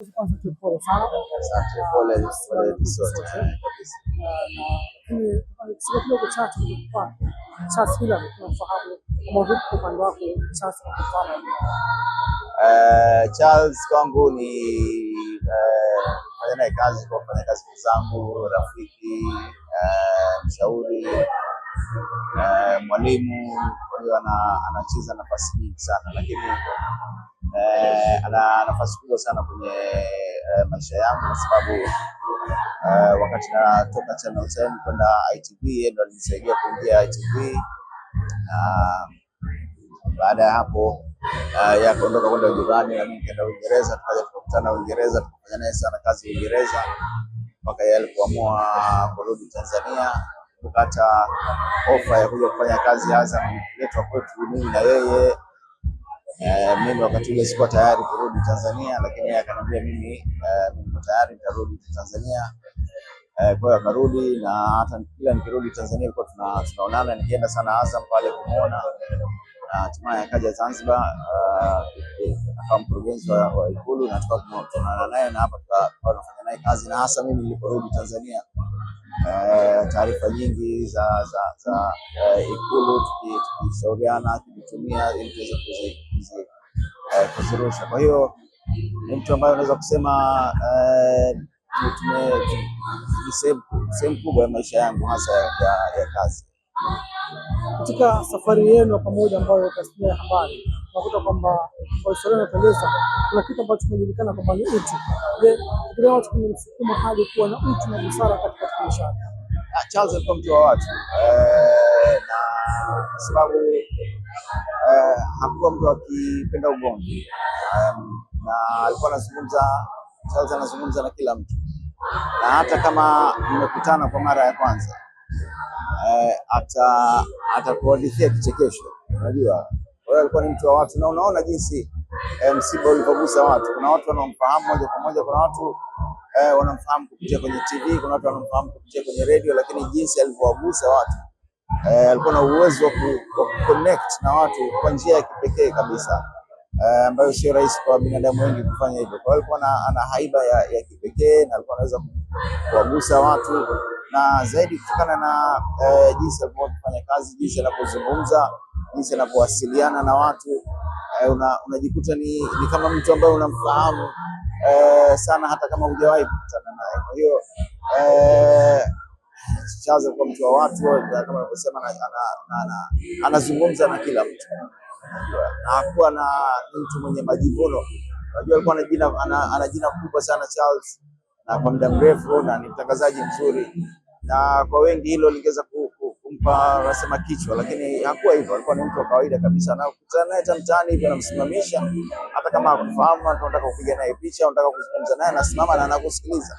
Eh, Charles kwangu ni kufanya eh, naye kazi kwa kufanya kazi zangu, rafiki, eh, mshauri, mwalimu. Kwa hiyo anacheza nafasi nyingi sana lakini eh, ana nafasi kubwa sana kwenye eh, maisha yangu kwa sababu eh, wakati natoka Channel Ten kwenda ITV yeye ndo alinisaidia kuingia ITV na ah, baada ya hapo uh, ah, ya kuondoka kwenda Ujerumani na mimi kwenda Uingereza, tukaja tukakutana Uingereza, tukafanya naye sana kazi Uingereza mpaka yeye alipoamua kurudi Tanzania kupata ofa ya kuja kufanya kazi Azam, kuletwa kwetu mimi na yeye Uh, mimi wakati ule sikuwa tayari kurudi Tanzania, lakini yeye akaniambia mimi eh, niko uh, tayari nitarudi Tanzania. Uh, kwa hiyo akarudi, na hata kila nikirudi Tanzania tuna tunaonana, nikienda sana Azam pale kumuona, na hatimaye akaja Zanzibar akawa mkurugenzi wa Ikulu na tukaonana naye na hapa tunafanya naye kazi, na hasa mimi niliporudi Tanzania Uh, taarifa nyingi za za, za uh, Ikulu tukishauriana tukitumia ili tuweze uh, kuzirusha. Kwa hiyo ni mtu ambaye unaweza kusema uh, sehemu kubwa ya maisha yangu hasa ya, ya kazi. Katika safari yenu ya pamoja ambayo tasnia ya habari, nakuta kwamba kwa historia inatueleza kuna kitu ambacho kinajulikana kwamba ni utu. Je, kile watu kimemsukuma hadi kuwa na utu na busara katika maisha yake? Ah, Charles alikuwa mtu wa watu eh, na sababu eh, hakuwa mtu akipenda ugomvi um, na alikuwa anazungumza Charles, anazungumza na kila mtu, na hata kama mmekutana kwa mara ya kwanza eh, ata atakuhadithia kichekesho, unajua wewe alikuwa ni mtu wa watu, na unaona jinsi eh, msiba ulivyogusa watu. Kuna watu wanaomfahamu moja kwa moja, kuna watu eh, wanamfahamu kupitia kwenye TV, kuna watu wanamfahamu kupitia kwenye redio, lakini jinsi alivyowagusa watu eh, alikuwa na uwezo wa kuconnect na watu kwa njia ya kipekee kabisa eh, ambayo sio rahisi kwa binadamu wengi kufanya hivyo. Kwa hiyo alikuwa ana haiba ya, ya kipekee na alikuwa anaweza kuwagusa watu na zaidi kutokana na eh, jinsi alivyokuwa akifanya kazi, jinsi anapozungumza jinsi anapowasiliana na watu eh, unajikuta ni, ni kama mtu ambaye unamfahamu eh, sana hata kama hujawahi kukutana naye. Kwa hiyo eh, Chaza kwa mtu wa watu kama anavyosema, anazungumza na kila mtu na hakuwa na mtu mwenye majivuno. Unajua alikuwa ana jina ana jina kubwa sana Charles, na kwa muda mrefu, na ni mtangazaji mzuri, na kwa wengi hilo lingeweza kumpa rasema kichwa, lakini hakuwa hivyo. Alikuwa ni mtu wa kawaida kabisa, na kukutana naye hata mtaani hivyo anamsimamisha, hata kama hakufahamu, anataka kupiga naye picha, anataka kuzungumza naye, anasimama na anakusikiliza.